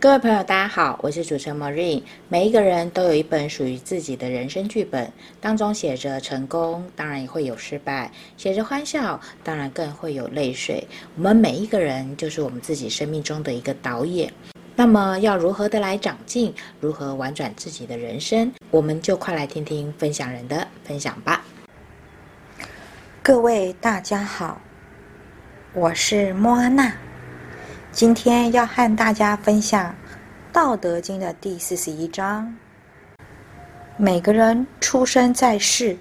各位朋友，大家好，我是主持人 Marine。每一個人都有一本屬於自己的人生劇本，當中寫着成功，當然也會有失敗；寫着歡笑，當然更會有淚水。我們每一個人就是我們自己生命中的一個導演。那麼，要如何的來長進，如何玩轉自己的人生，我們就快來聽聽分享人的分享吧。各位大家好，我是莫安娜。今天要和大家分享《道德經》的第四十一章。每個人出生在世，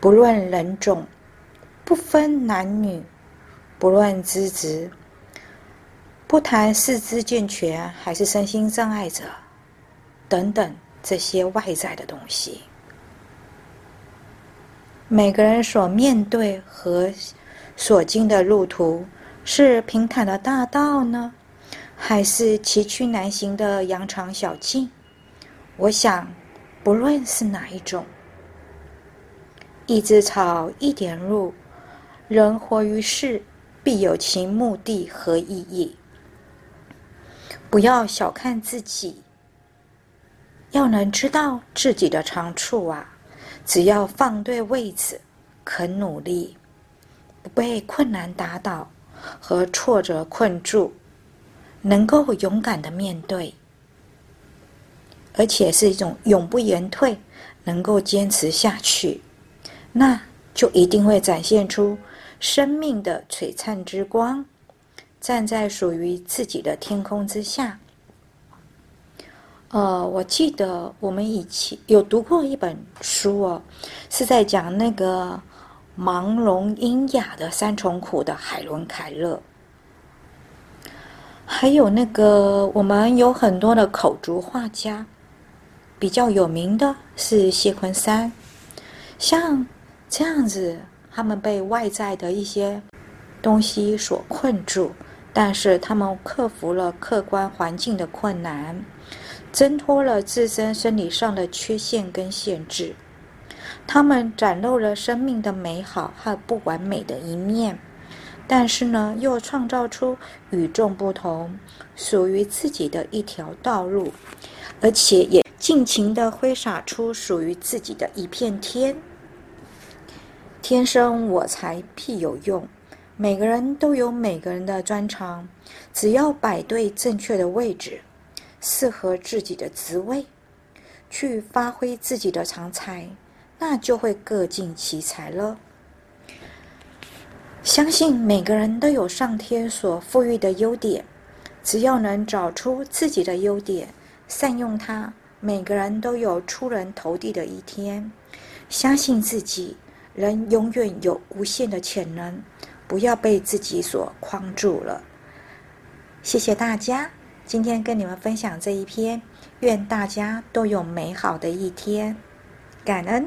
不論人種，不分男女，不論資質，不談四肢健全還是身心障礙者，等等這些外在的東西，每個人所面對和所經的路途。是平坦的大道呢，還是崎嶇難行的羊腸小徑？我想，不論是哪一種，一枝草，一點露，人活於世，必有其目的和意義。不要小看自己，要能知道自己的長處啊！只要放對位置，肯努力，不被困難打倒。和挫折困住，能夠勇敢的面對，而且是一種永不言退，能夠堅持下去，那就一定會展現出生命的璀璨之光，站在屬於自己的天空之下。呃，我記得我們以前有讀過一本書哦，是在講那個。盲聾、瘖啞的三重苦的海倫·凱勒，還有那個我們有很多的口足畫家，比較有名的是謝坤山。像這樣子，他們被外在的一些東西所困住，但是他們克服了客觀環境的困難，掙脫了自身生理上的缺陷跟限制。他們展露了生命的美好和不完美的一面，但是呢，又創造出與眾不同、屬於自己的一條道路，而且也盡情的揮灑出屬於自己的一片天。天生我材必有用，每個人都有每個人的專長，只要擺對正確的位置，適合自己的職位，去發揮自己的長才。那就會各盡其才了。相信每個人都有上天所賦予的優點，只要能找出自己的優點，善用它，每個人都有出人頭地的一天。相信自己，人永遠有無限的潛能，不要被自己所框住了。謝謝大家，今天跟你們分享這一篇，願大家都有美好的一天，感恩。